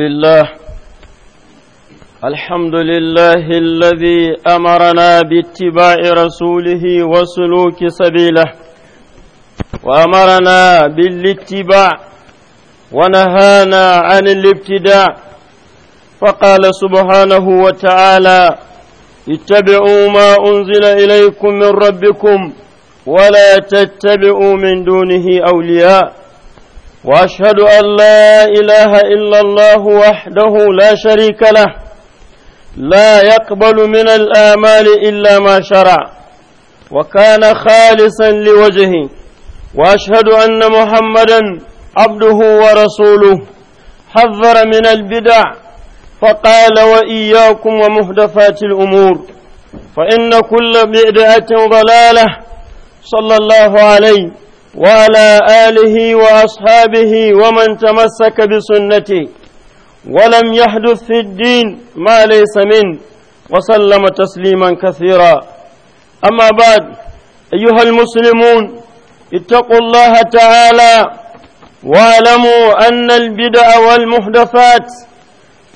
لله الحمد لله الذي أمرنا باتباع رسوله وسلوك سبيله وأمرنا بالاتباع ونهانا عن الابتداع فقال سبحانه وتعالى اتبعوا ما أنزل إليكم من ربكم ولا تتبعوا من دونه أولياء واشهد ان لا اله الا الله وحده لا شريك له لا يقبل من الاعمال الا ما شرع وكان خالصا لوجهه واشهد ان محمدا عبده ورسوله حذر من البدع فقال واياكم ومهدفات الامور فان كل بدعه ضلاله صلى الله عليه وعلى آله وأصحابه ومن تمسك بسنته ولم يحدث في الدين ما ليس منه وسلم تسليما كثيرا أما بعد أيها المسلمون اتقوا الله تعالى واعلموا أن البدع والمحدثات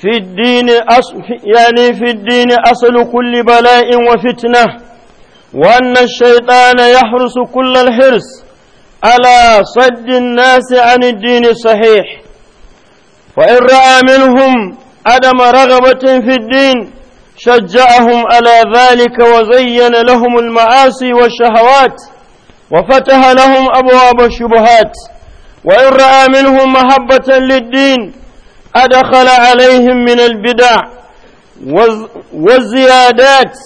في الدين أصل يعني في الدين أصل كل بلاء وفتنة وأن الشيطان يحرس كل الحرص على صد الناس عن الدين الصحيح وإن رأى منهم عدم رغبة في الدين شجعهم على ذلك وزين لهم المعاصي والشهوات وفتح لهم أبواب الشبهات وإن رأى منهم محبة للدين أدخل عليهم من البدع والزيادات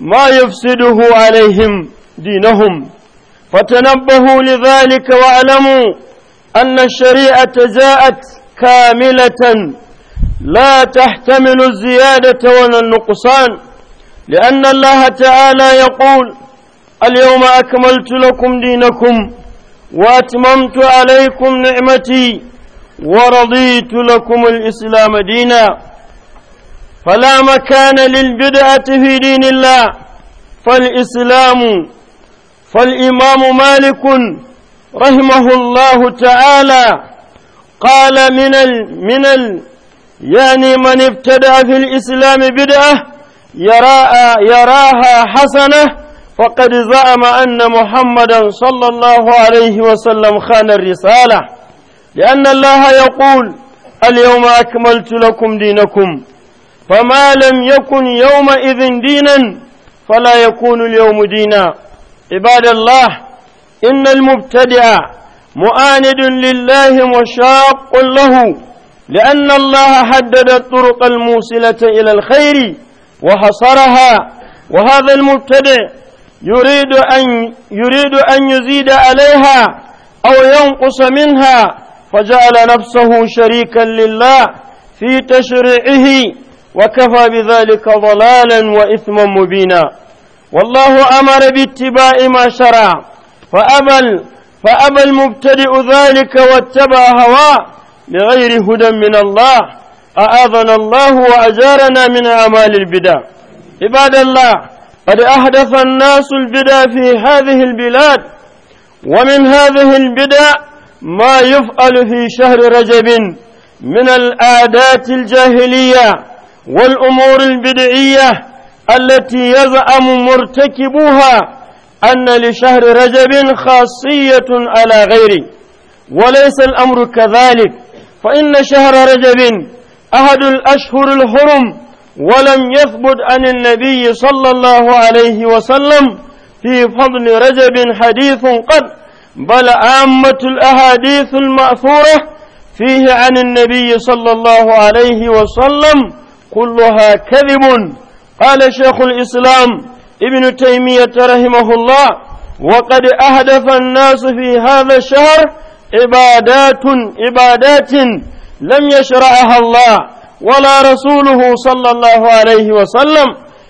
ما يفسده عليهم دينهم فتنبهوا لذلك واعلموا أن الشريعة جاءت كاملة لا تحتمل الزيادة ولا النقصان لأن الله تعالى يقول اليوم أكملت لكم دينكم وأتممت عليكم نعمتي ورضيت لكم الإسلام دينا فلا مكان للبدعة في دين الله فالإسلام فالإمام مالك رحمه الله تعالى قال من ال من ال يعني من ابتدع في الإسلام بدعة يراها يراها حسنة فقد زعم أن محمدا صلى الله عليه وسلم خان الرسالة لأن الله يقول اليوم أكملت لكم دينكم فما لم يكن يومئذ دينا فلا يكون اليوم دينا عباد الله إن المبتدع معاند لله وشاق له لأن الله حدد الطرق الموصلة إلى الخير وحصرها وهذا المبتدع يريد أن يريد أن يزيد عليها أو ينقص منها فجعل نفسه شريكا لله في تشريعه وكفى بذلك ضلالا وإثما مبينا والله أمر باتباع ما شرع فأبل فأبى المبتدئ ذلك واتبع هواه بغير هدى من الله أعاذنا الله وأجارنا من أعمال البدع عباد الله قد أحدث الناس البدع في هذه البلاد ومن هذه البدع ما يفعل في شهر رجب من العادات الجاهلية والأمور البدعية التي يزعم مرتكبوها أن لشهر رجب خاصية على غيره وليس الأمر كذلك فإن شهر رجب أحد الأشهر الحرم ولم يثبت عن النبي صلى الله عليه وسلم في فضل رجب حديث قد بل عامة الأحاديث المأثورة فيه عن النبي صلى الله عليه وسلم كلها كذب قال شيخ الإسلام ابن تيمية رحمه الله وقد أهدف الناس في هذا الشهر عبادات عبادات لم يشرعها الله ولا رسوله صلى الله عليه وسلم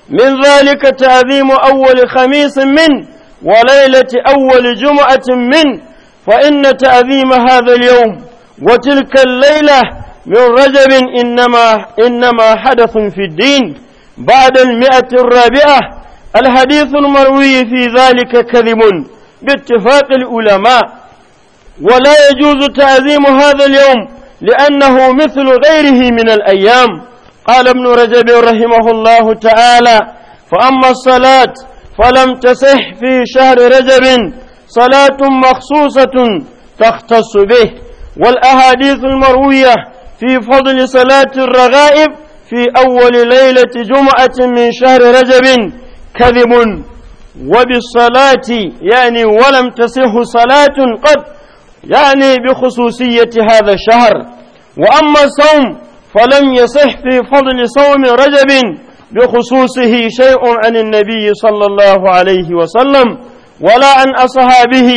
من ذلك تعظيم أول خميس من وليلة أول جمعة من فإن تعظيم هذا اليوم وتلك الليلة من رجب إنما إنما حدث في الدين بعد المئة الرابعة الحديث المروي في ذلك كذب باتفاق العلماء ولا يجوز تعظيم هذا اليوم لأنه مثل غيره من الأيام قال ابن رجب رحمه الله تعالى فأما الصلاة فلم تصح في شهر رجب صلاة مخصوصة تختص به والأحاديث المروية في فضل صلاة الرغائب في أول ليلة جمعة من شهر رجب كذب وبالصلاة يعني ولم تصح صلاة قد يعني بخصوصية هذا الشهر وأما الصوم فلم يصح في فضل صوم رجب بخصوصه شيء عن النبي صلى الله عليه وسلم ولا عن أصحابه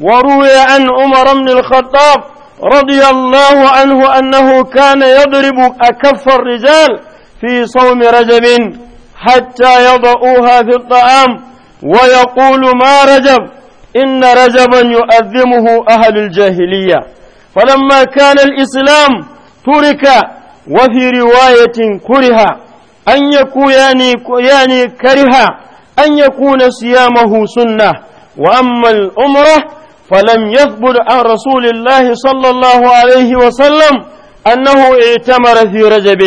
وروي عن عمر بن الخطاب رضي الله عنه أنه كان يضرب أكف الرجال في صوم رجب حتى يضعوها في الطعام ويقول ما رجب إن رجبا يؤذمه أهل الجاهلية فلما كان الإسلام ترك وفي رواية كره أن يكون يعني, يعني كره أن يكون صيامه سنة وأما الأمرة فلم يثبت عن رسول الله صلى الله عليه وسلم أنه اعتمر في رجب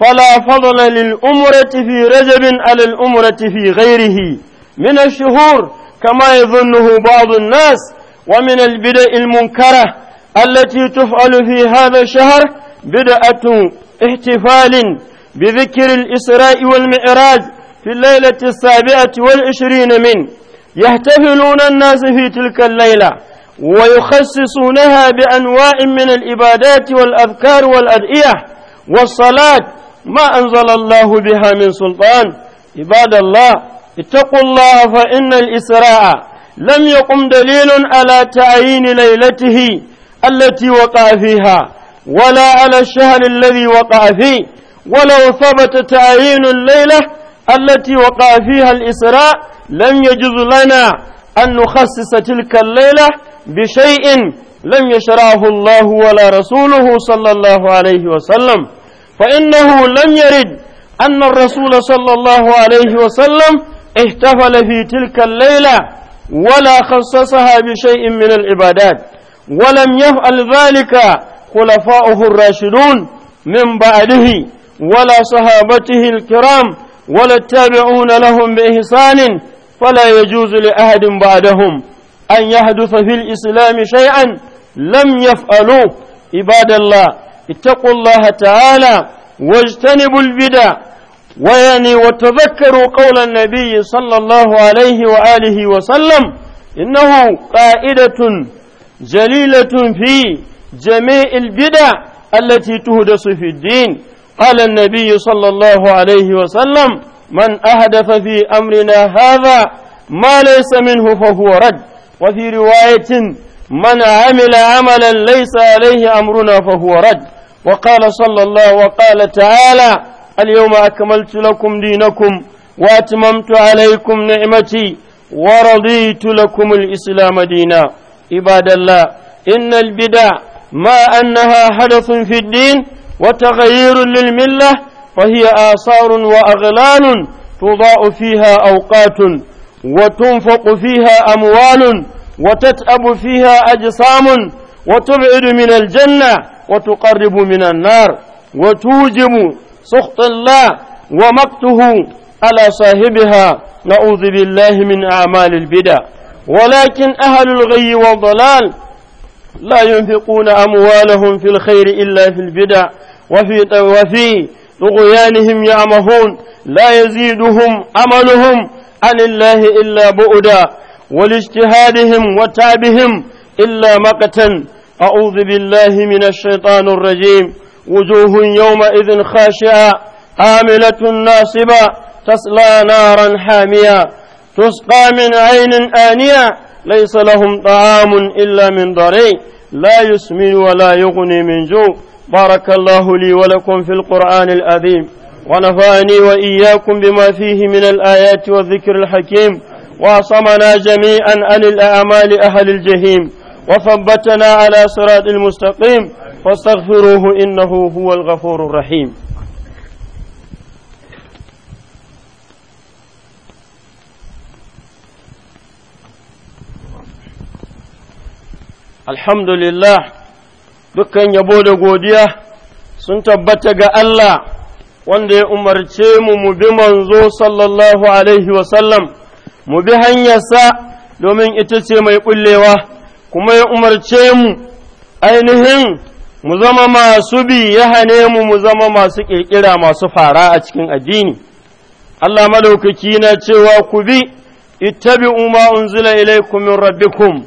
فلا فضل للأمرة في رجب على الأمرة في غيره من الشهور كما يظنه بعض الناس ومن البدع المنكرة التي تفعل في هذا الشهر بدعة احتفال بذكر الإسراء والمعراج في الليلة السابعة والعشرين من يحتفلون الناس في تلك الليلة ويخصصونها بأنواع من العبادات والأذكار والأدعية والصلاة ما أنزل الله بها من سلطان عباد الله اتقوا الله فإن الإسراء لم يقم دليل على تعيين ليلته التي وقع فيها ولا على الشهر الذي وقع فيه ولو ثبت تعيين الليلة التي وقع فيها الإسراء لم يجوز لنا أن نخصص تلك الليلة بشيء لم يشرعه الله ولا رسوله صلى الله عليه وسلم فإنه لم يرد أن الرسول صلى الله عليه وسلم احتفل في تلك الليلة ولا خصصها بشيء من العبادات ولم يفعل ذلك خلفاؤه الراشدون من بعده ولا صحابته الكرام ولا التابعون لهم بإحسان فلا يجوز لأحد بعدهم أن يحدث في الإسلام شيئا لم يفعلوه عباد الله اتقوا الله تعالى واجتنبوا البدع ويعني وتذكروا قول النبي صلى الله عليه وآله وسلم إنه قائدة جليلة في جميع البدع التي تهدس في الدين قال النبي صلى الله عليه وسلم من أهدف في أمرنا هذا ما ليس منه فهو رد وفي رواية من عمل عملا ليس عليه أمرنا فهو رد وقال صلى الله وقال تعالى اليوم أكملت لكم دينكم وأتممت عليكم نعمتي ورضيت لكم الإسلام دينا عباد الله إن البدع ما أنها حدث في الدين وتغيير للملة فهي آثار وأغلال تضاء فيها أوقات وتنفق فيها أموال وتتأب فيها أجسام وتبعد من الجنة وتقرب من النار وتوجب سخط الله ومقته على صاحبها نعوذ بالله من أعمال البدع ولكن أهل الغي والضلال لا ينفقون أموالهم في الخير إلا في البدع وفي وفي طغيانهم يعمهون لا يزيدهم أملهم عن الله إلا بؤدا ولاجتهادهم وتعبهم إلا مقتا أعوذ بالله من الشيطان الرجيم وجوه يومئذ خاشعة عاملة ناصبة تصلى نارا حامية تسقى من عين آنية ليس لهم طعام إلا من ضريع لا يسمن ولا يغني من جوع بارك الله لي ولكم في القرآن العظيم ونفعني وإياكم بما فيه من الآيات والذكر الحكيم وعصمنا جميعا عن الأعمال أهل الجحيم وثبتنا على صراط المستقيم فاستغفروه إنه هو الغفور الرحيم alhamdulillah dukkan yabo da godiya sun tabbata ga Allah wanda ya umarce mu mu bi manzo sallallahu alaihi wasallam mu bi hanyarsa domin ita ce mai ƙullewa kuma ya umarce mu ainihin mu zama masu bi ya hane mu mu zama masu ƙirƙira masu fara a cikin addini Allah madaukaki na cewa ku bi ittabi'u ma unzila ilaykum min rabbikum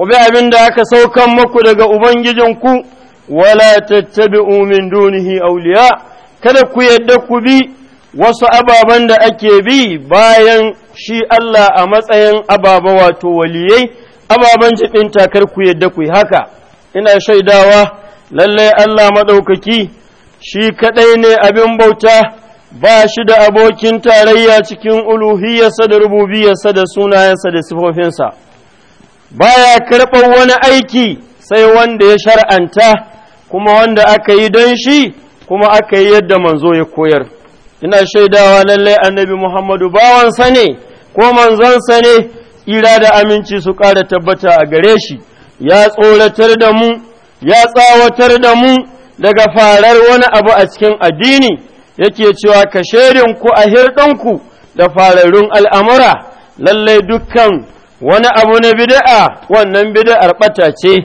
ku bi abin da aka saukan maku daga Ubangijinku, wala tattabi'u umin dunihi auliya, kada ku yadda ku bi wasu ababen da ake bi bayan shi Allah a matsayin ababa wato waliyai, ababen jiɗin takar ku yadda ku haka, ina shaidawa lallai Allah maɗaukaki shi kaɗai ne abin bauta. ba shi da abokin tarayya cikin uluhiyarsa da rububiyarsa da sunayensa da sifofinsa. baya karɓar wani aiki sai wanda ya shar'anta kuma wanda aka yi don shi kuma aka yi yadda manzo ya koyar ina shaidawa lallai annabi muhammadu bawansa ne ko manzonsa ne tsira da aminci su ƙara tabbata a gare shi ya tsoratar da mu ya tsawatar da mu daga farar wani abu a cikin addini yake cewa ka ku a hirɗinku da fararrun al'amura lallai dukkan wani abu na bid'a wannan bid'ar ɓata ce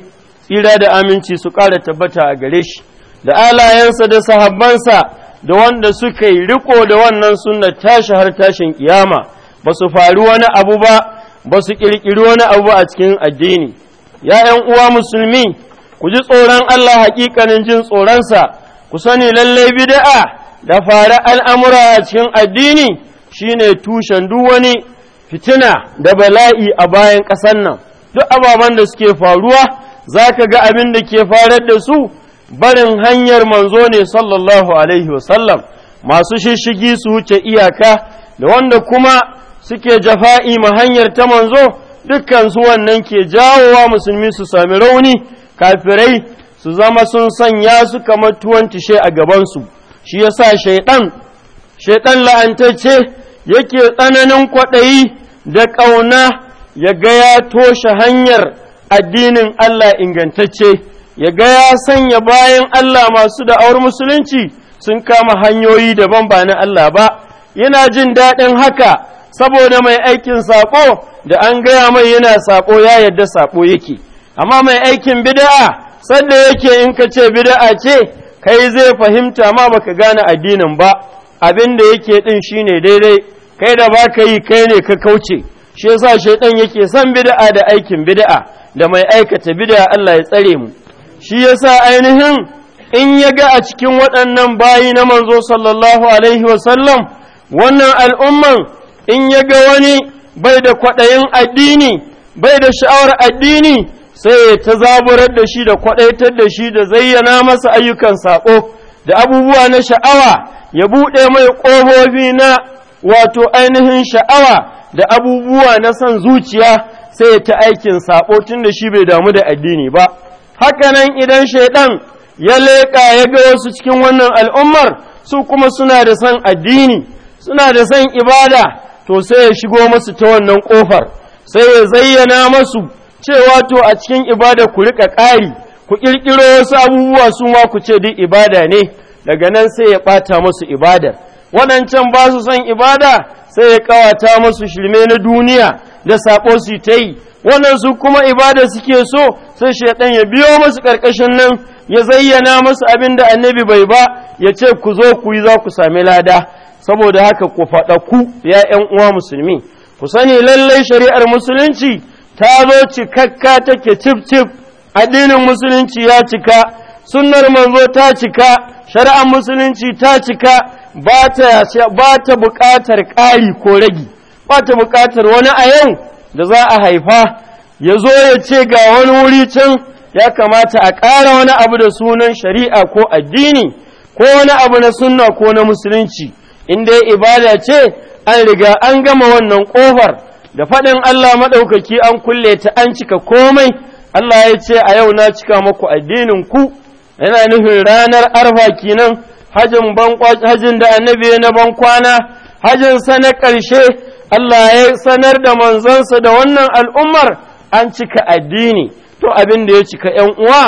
tsira da aminci su ƙara tabbata a gare shi da alayensa da sahabbansa da wanda suka yi riko da wannan sunna tashi har tashin kiyama ba su faru wani abu ba ba su ƙirƙiri wani abu a cikin addini ya uwa musulmi ku ji tsoron Allah haƙiƙanin jin tsoronsa ku sani lallai bid'a da fara al'amura a cikin addini shine tushen duk wani fitina da bala'i a bayan ƙasan nan duk ababen da suke faruwa za ka ga abin da ke farar da su barin hanyar manzo ne sallallahu alaihi wasallam masu shishigi su wuce iyaka da wanda kuma suke jafa'i ma hanyar ta manzo dukkan wannan ke jawowa musulmi su sami rauni kafirai su zama sun sanya su kamar tuwon tushe a gabansu shi yasa sa shaidan la'antacce yake tsananin kwaɗayi da ƙauna ya gaya toshe hanyar addinin Allah ingantacce ya gaya sanya bayan Allah masu da'awar musulunci sun kama hanyoyi daban ba na Allah ba yana jin daɗin haka saboda mai aikin saƙo da an gaya mai yana saƙo ya yadda saƙo yake amma mai aikin bida'a sadda yake in ka ce bida'a ce kai zai fahimta ma baka gane addinin ba abin da yake ɗin shine daidai kai da ba ka yi kai ne ka kauce shi yasa shaidan yake son bid'a da aikin bid'a da mai aikata bid'a Allah ya tsare mu shi yasa ainihin in ya ga a cikin waɗannan bayi na manzo sallallahu alaihi wasallam wannan al'umman in ya ga wani bai da kwaɗayin addini bai da sha'awar addini sai ya ta zaburar da shi da kwaɗaitar da shi da zayyana masa ayyukan saƙo da abubuwa na sha'awa ya buɗe mai ƙofofi na wato ainihin sha'awa da abubuwa na son zuciya sai ta aikin saɓo tun da shi bai damu da addini ba hakanan idan shaiɗan ya leƙa ya ga wasu cikin wannan al'ummar su kuma suna da son addini suna da son ibada to sai ya shigo masu ta wannan ƙofar sai ya zayyana masu cewa to a cikin ibada ku riƙa ƙari ku ƙirƙiro wasu abubuwa su ma ku ce duk ibada ne daga nan sai ya ɓata masu ibadar waɗancan ba su son ibada sai ya kawata musu shirme na duniya da saƙo su ta yi waɗansu kuma ibada suke so sai shaidan ya biyo musu ƙarƙashin nan ya zayyana musu abin da annabi bai ba ya ce ku zo ku yi za ku sami lada saboda haka ku faɗa ku ya ƴan uwa musulmi ku sani lallai shari'ar musulunci ta zo cikakka take cif cif addinin musulunci ya cika sunnar manzo ta cika shari'ar musulunci ta cika ba ta buƙatar ƙari ko ragi ba ta buƙatar wani a yau da za a haifa ya zo ya ce ga wani wuri can ya kamata a ƙara wani abu da sunan shari'a ko addini ko wani abu na sunna ko na musulunci in dai ibada ce an riga an gama wannan ƙofar da faɗin Allah maɗaukaki an kulle ta an cika komai Allah ya ce a yau na cika maku addinin ku yana nufin ranar arfa kenan hajin hajin da annabi na bankwana hajin sa na ƙarshe Allah ya sanar da manzansa da wannan al'ummar an cika addini to abin da ya cika ‘yan uwa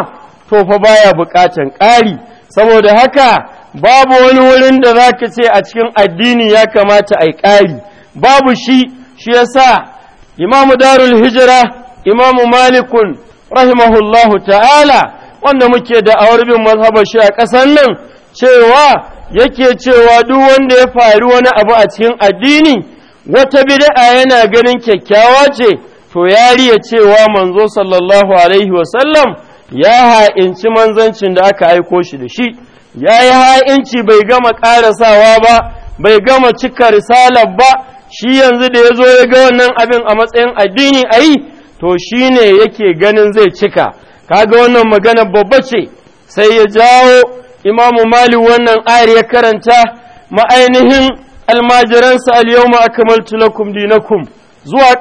to fa baya buƙatan ƙari saboda haka babu wani wurin da za ka ce a cikin addini ya kamata a yi ƙari babu shi shi ya sa imamu darul hijira imamu malikun rahimahullahu ta'ala wanda muke da awarbin mazhabar shi a ƙasar nan cewa yake cewa duk wanda ya faru wani abu a cikin addini wata bid'a yana ganin kyakkyawa ce to ya cewa manzo sallallahu alaihi wasallam ya ha'inci manzancin da aka aiko shi da shi ya yi ha'inci bai gama ƙarasawa ba bai gama cika risalar ba shi yanzu da ya zo ya ga wannan abin a matsayin addini a yi to shi ne yake ganin zai cika kaga wannan magana babba ce sai ya jawo imamu malik wannan ayar ya karanta ma'ainihin almajiransa al-yawma akmaltu lakum dinakum zuwa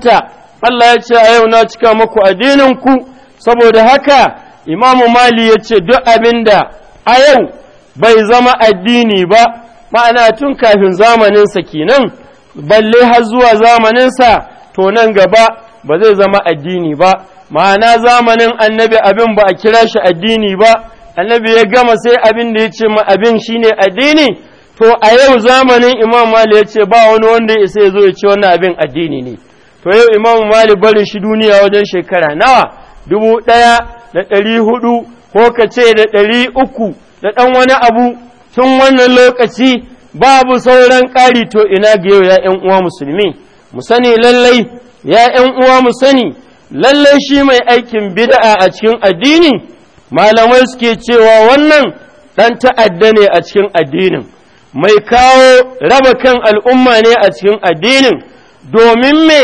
ta Allah ya ce a yau na cika muku addininku saboda haka imamu mali ya ce duk abinda a yau bai zama addini ba ma'ana tun kafin zamaninsa kenan balle har zuwa zamaninsa to nan gaba ba zai zama addini ba ma'ana zamanin annabi abin ba a kira shi addini ba annabi ya gama sai abin da ya ce ma abin shine addini to a yau zamanin imam mali ya ce ba wani wanda ya isa ya zo ya ce wannan abin addini ne to yau imam mali barin shi duniya wajen shekara nawa dubu ɗaya da ɗari hudu ko ka ce da ɗari uku da ɗan wani abu tun wannan lokaci babu sauran ƙari to ina ga yau ya ƴan uwa musulmi mu sani lallai ya ‘yan uwa mu sani lallai shi mai aikin bid'a a cikin addini malamai suke cewa wannan ɗan ta'adda ne a cikin addinin mai kawo raba kan al'umma ne a cikin addinin domin me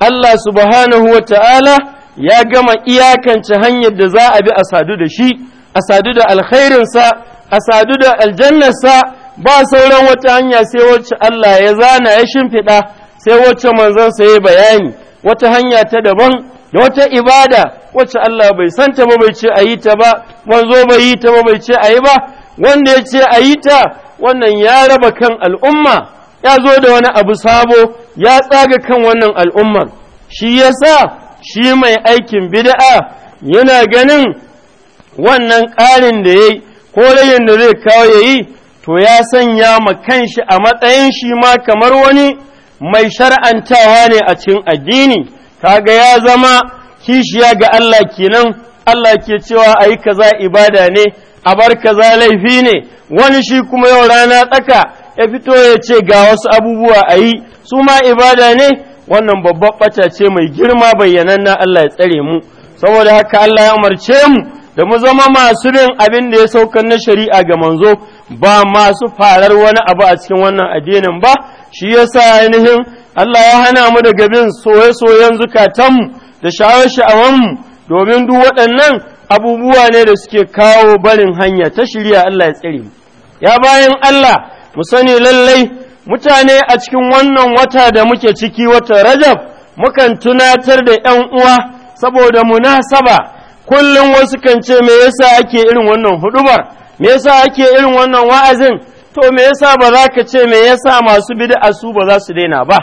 Allah subhanahu wa ta'ala ya gama iyakance hanyar da za a bi a sadu da shi a sadu da alkhairinsa a sadu da aljannarsa ba sauran wata hanya sai wacce Allah ya zana ya shimfiɗa sai wacce manzon sa ya bayani wata hanya ta daban da wata ibada wacce Allah bai santa ba bai ce a yi ta ba manzo bai yi ta ba bai ce a yi ba wanda ya ce a yi ta wannan ya raba kan al'umma ya zo da wani abu sabo ya tsaga kan wannan al'ummar shi ya sa, shi mai aikin bida'a, yana ganin wannan ƙarin da ya yi ko rayin da zai kawo ya yi to ya sanya ma kanshi a matsayin shi ma kamar wani mai shar'antawa ne a cikin addini kaga ya zama kishiya ga Allah kenan Allah ke cewa ayi kaza ibada ne a bar kaza laifi ne wani shi kuma yau rana tsaka ya fito ya ce ga wasu abubuwa ayi, yi su ma ibada ne wannan babban ɓata ce mai girma na Allah ya tsare mu saboda haka Allah ya umarce mu da mu zama masu bin abin da ya saukar na shari'a ga manzo ba masu farar wani abu a cikin wannan addinin ba shi ya sa ainihin Allah ya hana mu daga bin soye-soyen zukatanmu da sha'awar-sha'awanmu domin duk waɗannan abubuwa ne da suke kawo barin hanya ta shirya Allah ya tsire mu ya bayan Allah mu sani lallai mutane a cikin wannan wata da muke ciki wata Rajab mukan tunatar da 'yan uwa saboda munasaba kullum wasu kan ce me yasa ake irin wannan hudubar me yasa ake irin wannan wa'azin to me yasa ba za ka ce me yasa masu bid'a su ba za su daina ba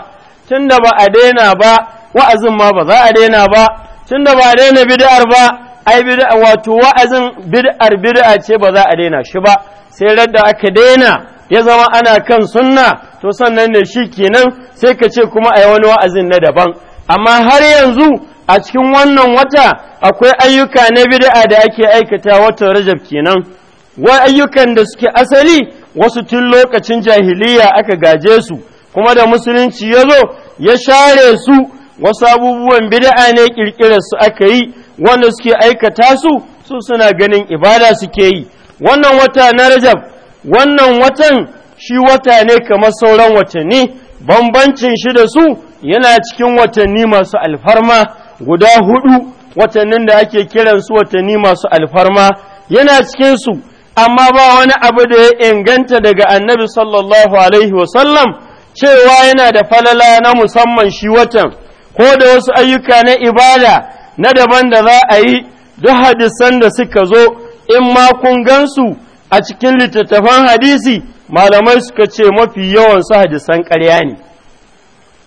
tunda ba a daina ba wa'azin ma ba za a daina ba tunda ba a daina bid'ar ba ai bid'a wato wa'azin bid'ar bid'a ce ba za a daina shi ba sai radda aka daina ya zama ana kan sunna to sannan ne shi kenan sai ka ce kuma ai wani wa'azin na daban amma har yanzu a cikin wannan wata akwai ayyuka na bid'a da ake aikata watan Rajab kenan wa ayyukan da suke asali wasu tun lokacin jahiliya aka gaje su kuma da musulunci ya zo ya share su wasu abubuwan bid'a ne kirkirar su aka yi wanda suke aikata su su suna ganin ibada suke yi wannan wata na rajab wannan watan shi wata ne kamar sauran watanni bambancin shi da su yana cikin watanni masu alfarma guda hudu watannin da ake kiransu watanni masu alfarma yana cikin su. amma ba wani abu da ya inganta daga annabi sallallahu alaihi wasallam cewa yana da falala na musamman shi watan ko da wasu ayyuka na ibada na daban da za a yi duk hadisan da suka zo in ma kun gansu a cikin littattafan hadisi malamai suka ce mafi yawan su hadisan ƙarya ne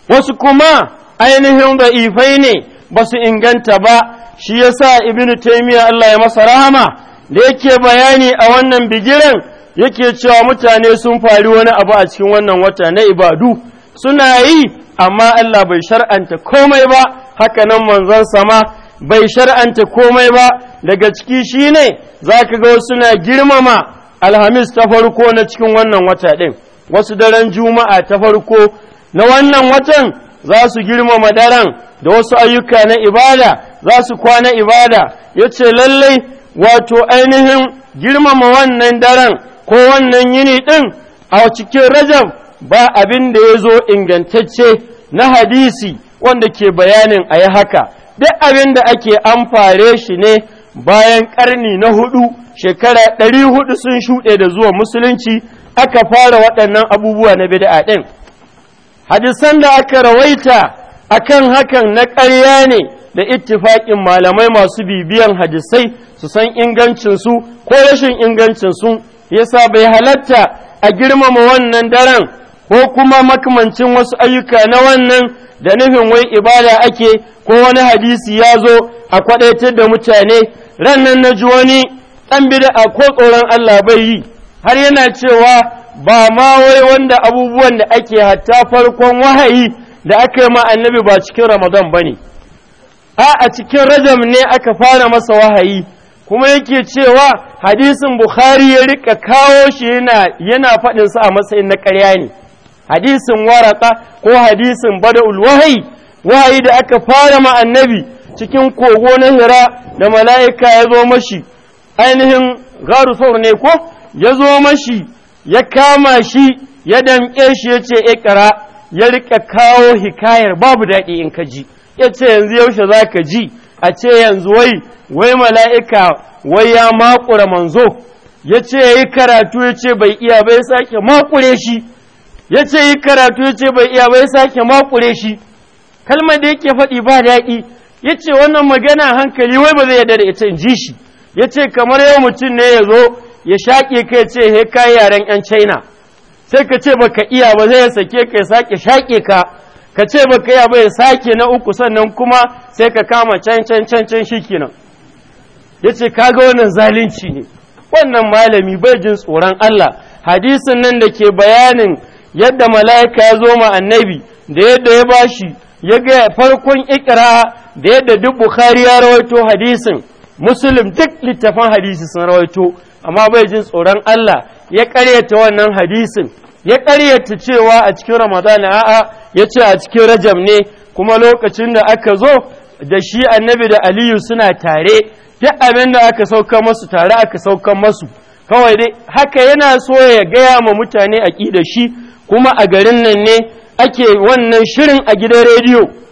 wasu kuma ainihin da'ifai ne ba su inganta ba shi yasa ibnu taymiya Allah ya masa rahama da yake bayani a wannan bigiren yake cewa mutane sun fari wani abu a cikin wannan wata na ibadu suna yi amma Allah bai shar'anta komai ba haka nan manzon sama bai shar'anta komai ba daga ciki shine zaka ga wasu suna girmama alhamis ta farko na cikin wannan wata ɗin. wasu daren juma'a ta farko na wannan watan za su girmama daren da wasu ayyuka na ibada za su kwana ibada ya ce lallai wato ainihin girmama wannan daren ko wannan yini ɗin a cikin rajab ba abin da ya zo ingantacce na hadisi wanda ke bayanin a yi haka duk abin da ake amfare shi ne bayan ƙarni na hudu shekara ɗari hudu sun shuɗe da zuwa musulunci aka fara waɗannan abubuwa na bid'a ɗin hadisan da aka rawaita akan hakan na ƙarya ne da ittifaƙin malamai masu bibiyan hadisai su san ingancinsu ko rashin ingancinsu yasa bai halatta a girmama wannan daren ko kuma makamancin wasu ayyuka na wannan da nufin wai ibada ake ko wani hadisi ya zo a kwadaitar da mutane rannan na ji wani ɗan bid'a ko tsoron Allah bai yi har yana cewa ba ma wai wanda abubuwan da ake hatta farkon wahayi da aka yi ma annabi ba cikin Ramadan ba ne. a a cikin rajam ne aka fara masa wahayi kuma yake cewa hadisin bukhari ya rika kawo shi yana yana faɗin sa a matsayin na ƙarya ne hadisin waraka ko hadisin bada'ul wahayi wahayi da aka fara ma annabi cikin kogo na hira da mala'ika ya zo mashi ainihin garu saur ne ko ya zo mashi ya kama shi ya damƙe shi ya ce ikra ya rika kawo hikayar babu daɗi in ka ji ya ce yanzu yaushe za ka ji a ce yanzu wai wai mala'ika wai ya makura manzo ya ce ya yi karatu ya ce bai iya bai sake makure shi ya ce yi karatu ya ce bai iya bai sake makure shi kalmar da yake faɗi ba daɗi ya ce wannan magana hankali wai ba zai yarda da ita in ji shi ya ce kamar yau mutum ne ya zo ya shaƙe ka ya ce he yaren 'yan china sai ka ce baka iya ba zai sake ka ya sake shaƙe ka ka ce ba ka yaba ya sake na uku sannan kuma sai ka kama can can can can shi kenan ya ce kaga wannan zalunci ne wannan malami bai jin tsoron Allah hadisin nan da ke bayanin yadda mala'ika ya zo ma annabi da yadda ya bashi ya ga farkon ikira da yadda duk Bukhari ya rawaito hadisin Muslim duk littafan hadisi sun rawaito amma bai jin tsoron Allah ya ta wannan hadisin ya ƙaryata cewa a cikin Ramadan a'a ya ce a cikin Rajab ne kuma lokacin da aka zo da shi annabi da Aliyu suna tare duk abin da aka sauka masu tare aka sauka masu kawai dai haka yana so ya gaya ma mutane aƙida shi kuma a garin nan ne ake wannan shirin a gidan rediyo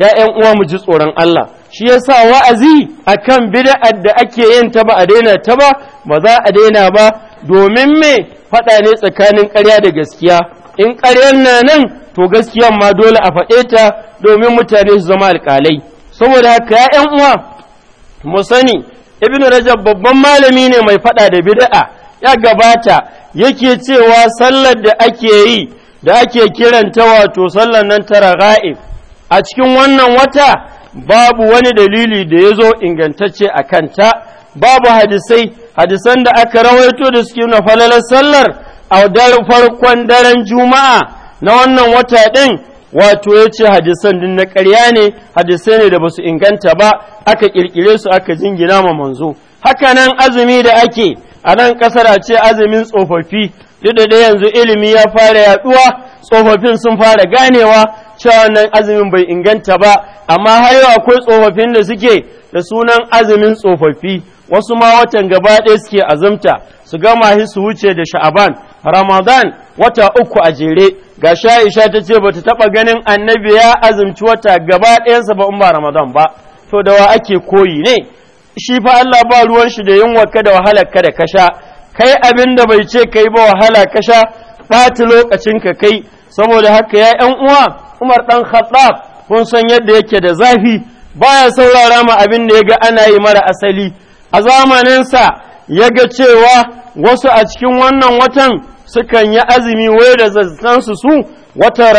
ya ƴan uwa mu ji tsoron Allah shi yasa wa'azi a kan bid'ar da ake yin ta ba a daina ta ba ba za a daina ba domin me faɗa ne tsakanin ƙarya da gaskiya in ƙaryar na nan to gaskiya ma dole a faɗe ta domin mutane su zama alƙalai saboda haka ya ƴan uwa mu sani ibnu rajab babban malami ne mai faɗa da bid'a ya gabata yake cewa sallar da ake yi da ake kiranta wato sallar nan tara ga'ib a cikin wannan wata babu wani dalili da ya zo ingantacce a kanta babu hadisai hadisan da aka rawaito da suke na falalar sallar a farkon daren juma'a na wannan wata ɗin wato ya ce hadisan din na ƙarya ne hadisai ne da ba su inganta ba aka ƙirƙire su aka jingina ma manzo hakanan azumi da ake a nan ƙasar a ce azumin tsofaffi duk da yanzu ilimi ya fara yaduwa tsofaffin sun fara ganewa cewa nan azumin bai inganta ba amma har yau akwai tsofaffin da suke da sunan azumin tsofaffi wasu ma watan gaba ɗaya suke azumta su gama shi su wuce da sha'aban ramadan wata uku a jere ga sha'isha ta ce bata taɓa ganin annabi ya azumci wata gaba ɗayansa ba in ba ramadan ba to da wa ake koyi ne shi fa Allah ba ruwan shi da yin waka da wahala ka da kasha kai abin da bai ce kai ba wahala kasha ɓata lokacin ka kai saboda haka ya 'yan uwa Umar dan Khattab kun san yadda yake da zafi baya saurara ma abin da ya ga ana yi mara asali a zamaninsa ya ga cewa wasu a cikin wannan watan sukan yi azumi wai da zazzansu su su? watan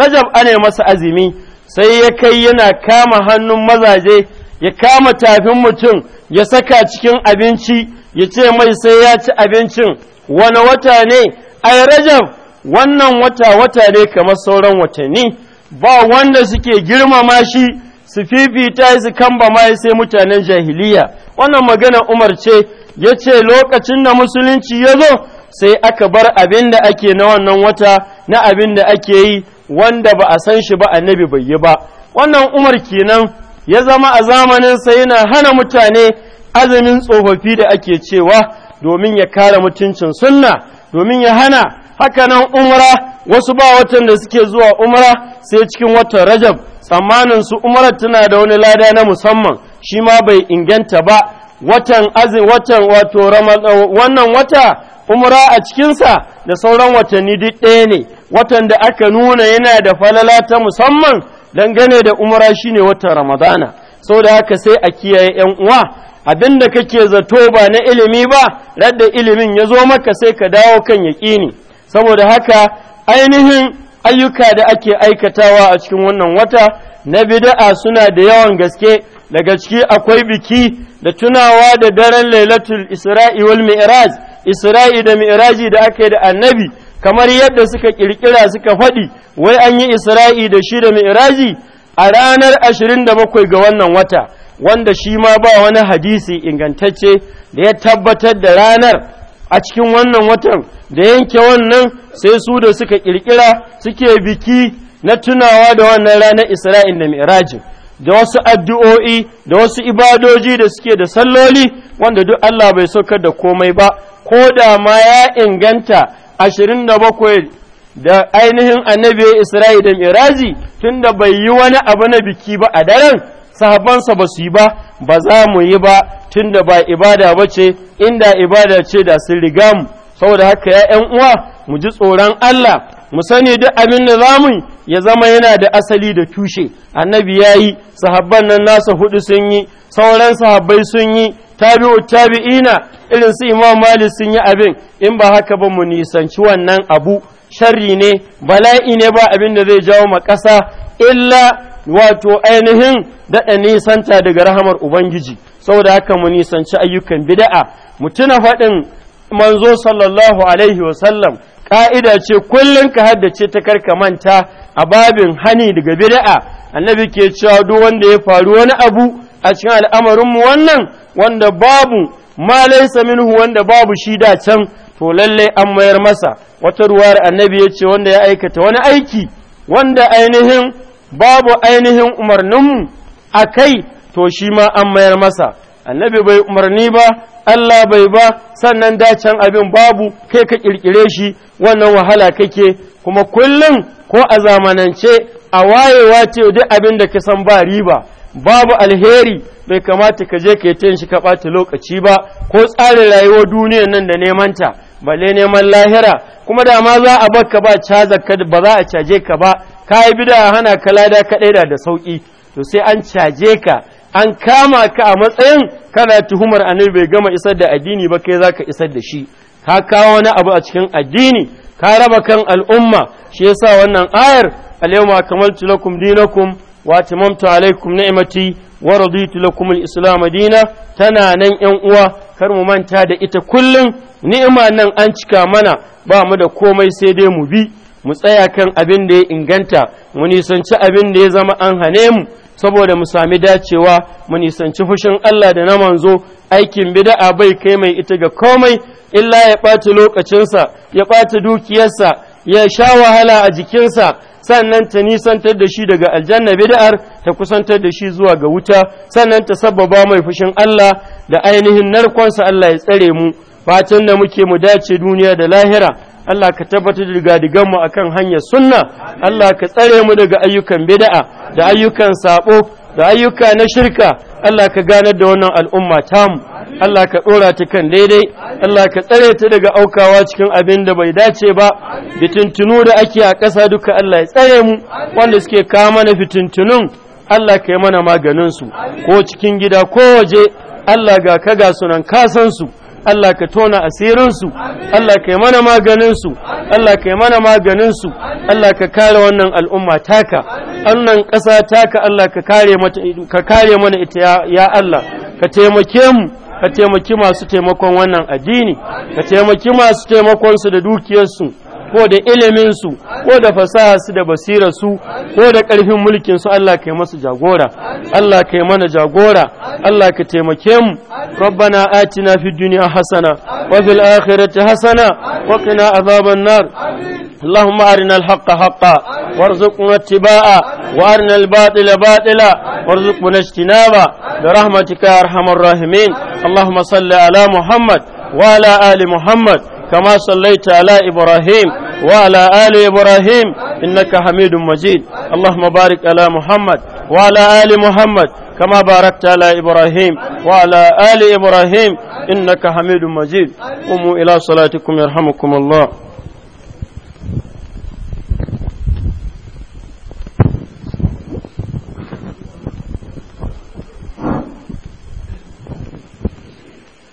rajab ana masa azumi sai ya kai yana kama hannun mazaje ya kama tafin mutum ya saka cikin abinci ya ce mai sai ya ci abincin wani wata ne ai rajab wannan wata wata ne kamar sauran watanni ba wanda suke girmama shi su fifita su kamba ma sai mutanen jahiliya wannan magana umar ce ya ce lokacin da musulunci ya zo sai aka bar abin da ake na wannan wata na abin da ake yi wanda ba a san shi ba annabi bai yi ba wannan umar kenan ya zama a zamaninsa yana hana mutane azumin tsofaffi da ake cewa domin ya kare mutuncin sunna domin ya hana hakanan umra wasu ba watan da suke zuwa umra sai cikin watan rajab tsammanin su umra tana da wani lada na musamman shi ma bai inganta ba watan azin watan wato eh, wannan wata umra a cikinsa da sauran watanni duk ɗaya ne watan da aka nuna yana da falala ta musamman dangane da umara shine watan ramadana sau da haka sai a kiyaye yan uwa abin da kake zato ba na ilimi ba radda ilimin ya zo maka sai ka dawo kan yaƙini saboda haka ainihin ayyuka da ake aikatawa a cikin wannan wata na bida'a suna da yawan gaske daga ciki akwai biki da tunawa da daren lailatul isra'i wal mi'raj isra'i da mi'raji da ake da annabi kamar yadda suka kirkira suka faɗi wai an yi isra'i da shi da mi'raji a ranar 27 ga wannan wata wanda shi ma ba wani hadisi ingantacce da ya tabbatar da ranar a cikin wannan watan da yanke wannan sai su da suka kirkira suke biki na tunawa da wannan ranar isra’i da mi'raji da wasu addu'o'i da wasu ibadoji da suke da salloli wanda duk Allah bai saukar da komai ba ko da ma ya inganta ashirin da bakwai da ainihin annabi Isra'i da tun da bai yi wani abu na biki ba a daren sahabansa ba su yi ba ba za mu yi ba tun da ba ibada ba ce inda ibada ce da sun riga mu saboda haka ya ‘yan uwa mu ji tsoron Allah mu sani duk abin da za mu ya zama yana da asali da tushe annabi ya yi sahabban nan nasa hudu sun yi sauran sahabbai sun yi tabi'u tabi'ina irin su imam malik sun yi abin in ba haka ba mu nisanci wannan abu sharri ne bala'i ne ba abin da zai jawo ma ƙasa illa wato ainihin daɗa nisanta daga rahamar ubangiji saboda haka mu nisanci ayyukan bida'a mu tuna faɗin manzo sallallahu alaihi wa sallam ƙa'ida ce kullum ka haddace ta karka manta a babin hani daga bida'a annabi ke cewa duk wanda ya faru wani abu a cikin al'amarinmu wannan wanda babu ma laisa wanda babu shi da can to lallai an mayar masa wata ruwar annabi ya ce wanda ya aikata wani aiki wanda ainihin babu ainihin umarninmu a kai to shi ma an mayar masa annabi bai umarni ba Allah bai ba sannan dacen abin babu kai ka kirkire shi wannan wahala kake kuma kullum ko a zamanance a wayewa ce duk abin da ka san ba riba babu alheri bai kamata ka je ka yi shi ka ɓata lokaci ba ko tsarin rayuwar duniyar nan da nemanta balle neman lahira kuma da ma za a baka ba caza ka ba za a caje ka ba ka yi bida a hana ka lada kaɗai da da sauƙi to sai an caje ka an kama ka a matsayin kana tuhumar annabi bai gama isar da addini ba kai za ka isar da shi ka kawo wani abu a cikin addini ka raba kan al'umma shi yasa wannan ayar al yawma kamaltu lakum dinakum واتممت wa نعمتي ورضيت لكم الإسلام دينا Tana nan 'yan uwa kar mu manta da ita kullum ni'ima nan an cika mana ba mu da komai sai dai mu bi mu tsaya kan abin da ya inganta mu nisanci abin da ya zama an hane mu saboda mu sami dacewa mu nisanci fushin Allah da na manzo aikin bida'a bai kai mai ita ga komai illa ya lokacinsa ya ɓata dukiyarsa ya sha wahala a jikinsa sannan ta nisantar da shi daga aljanna bid'ar ta kusantar da shi zuwa ga wuta sannan ta sababa mai fushin Allah da ainihin narkonsa Allah ya tsare mu fatan da muke mu dace duniya da lahira Allah ka tabbatar da digan mu akan hanyar sunna Allah ka tsare mu daga ayyukan bid'a da ayyukan sabo da ayyuka na shirka Allah ka ganar da wannan al'umma tamu Allah ka ɗora ta kan daidai Allah ka tsare ta daga aukawa cikin abin da bai dace ba fitintunu da ake a ƙasa duka Allah ya tsare mu wanda suke kawo mana fitintunun Allah ka yi mana maganinsu ko cikin gida ko waje Allah ga ka ga sunan kasansu Allah ka tona asirinsu, Allah ka yi mana maganinsu, Allah ka yi mana maganinsu, Allah ka kare wannan al'umma taka, annan ƙasa taka Allah ka kare mana ita ya Allah, ka taimake mu. ka taimaki masu taimakon wannan addini ka taimaki masu taimakon su da dukiyarsu ko da iliminsu ko da fasaha su da basirarsu ko da ƙarfin su Allah kai masu jagora Allah kai mana jagora Allah ka taimake mu rabbana atina fid dunya hasana wa fil akhirati hasana wa qina azaban nar اللهم أرنا الحق حقا وارزقنا اتباعه وأرنا الباطل باطلا وارزقنا اجتنابه برحمتك يا أرحم الراحمين اللهم صل على محمد وعلى آل محمد كما صليت على إبراهيم وعلى آل إبراهيم إنك حميد مجيد اللهم بارك على محمد وعلى آل محمد كما باركت على إبراهيم وعلى آل إبراهيم إنك حميد مجيد قوموا إلى صلاتكم يرحمكم الله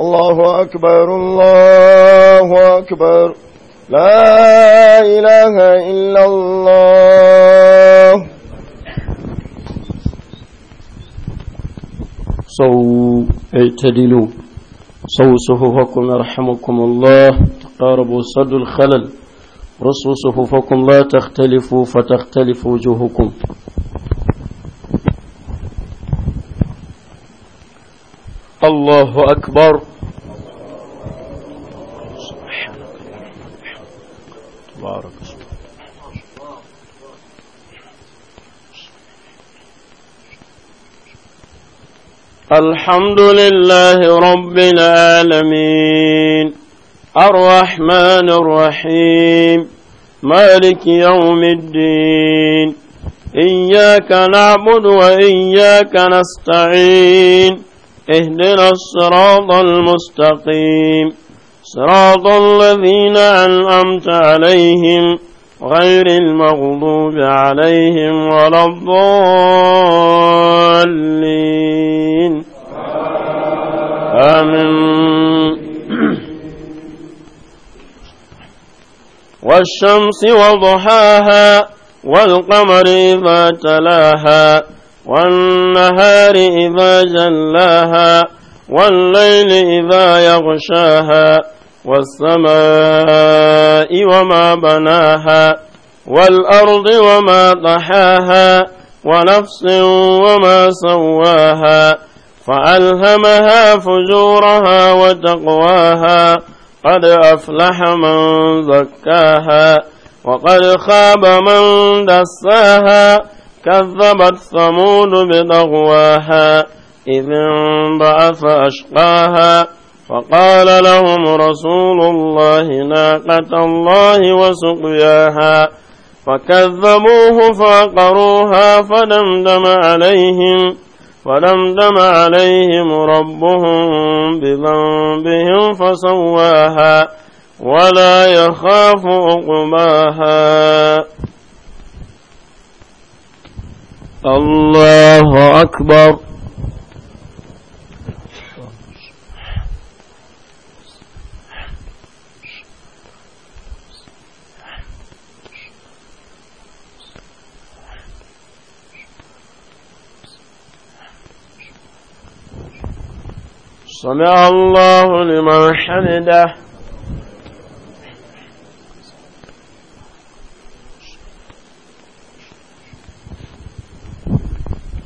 الله أكبر الله أكبر لا إله إلا الله صو اعتدلوا صو صفوفكم يرحمكم الله تقاربوا صد الخلل رصوا صفوفكم لا تختلفوا فتختلف وجوهكم الله أكبر بارك الحمد لله رب العالمين الرحمن الرحيم مالك يوم الدين إياك نعبد وإياك نستعين اهدنا الصراط المستقيم صراط الذين أنعمت عليهم غير المغضوب عليهم ولا الضالين آمين والشمس وضحاها والقمر إذا تلاها والنهار إذا جلاها والليل إذا يغشاها والسماء وما بناها والأرض وما طحاها ونفس وما سواها فألهمها فجورها وتقواها قد أفلح من زكاها وقد خاب من دساها كذبت ثمود بطغواها إذ انبعث أشقاها فقال لهم رسول الله ناقة الله وسقياها فكذبوه فعقروها فدمدم عليهم فدمدم عليهم ربهم بذنبهم فسواها ولا يخاف عقباها الله أكبر سمع الله لمن حمده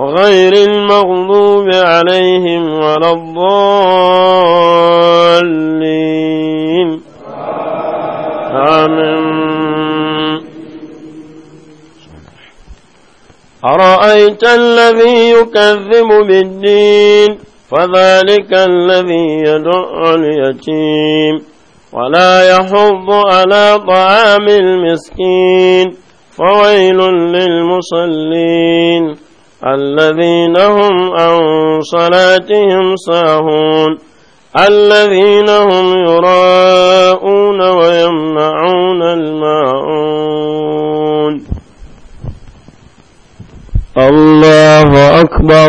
غير المغضوب عليهم ولا الضالين آمين أرأيت الذي يكذب بالدين فذلك الذي يدع اليتيم ولا يحض على طعام المسكين فويل للمصلين الذين هم عن صلاتهم ساهون الذين هم يراءون ويمنعون الماعون الله أكبر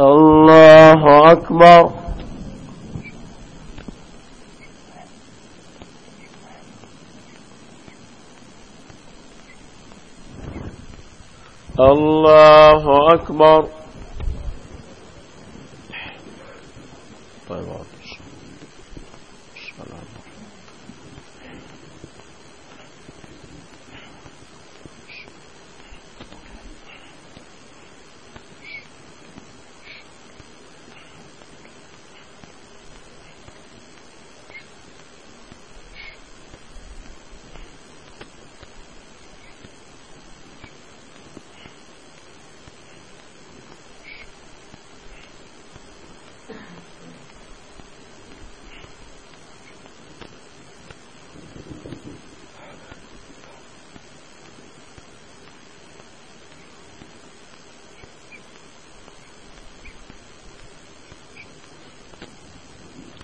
الله أكبر الله أكبر طيب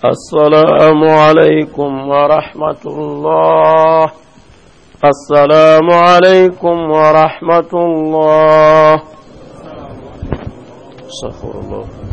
السلام عليكم ورحمة الله السلام عليكم ورحمة الله استغفر الله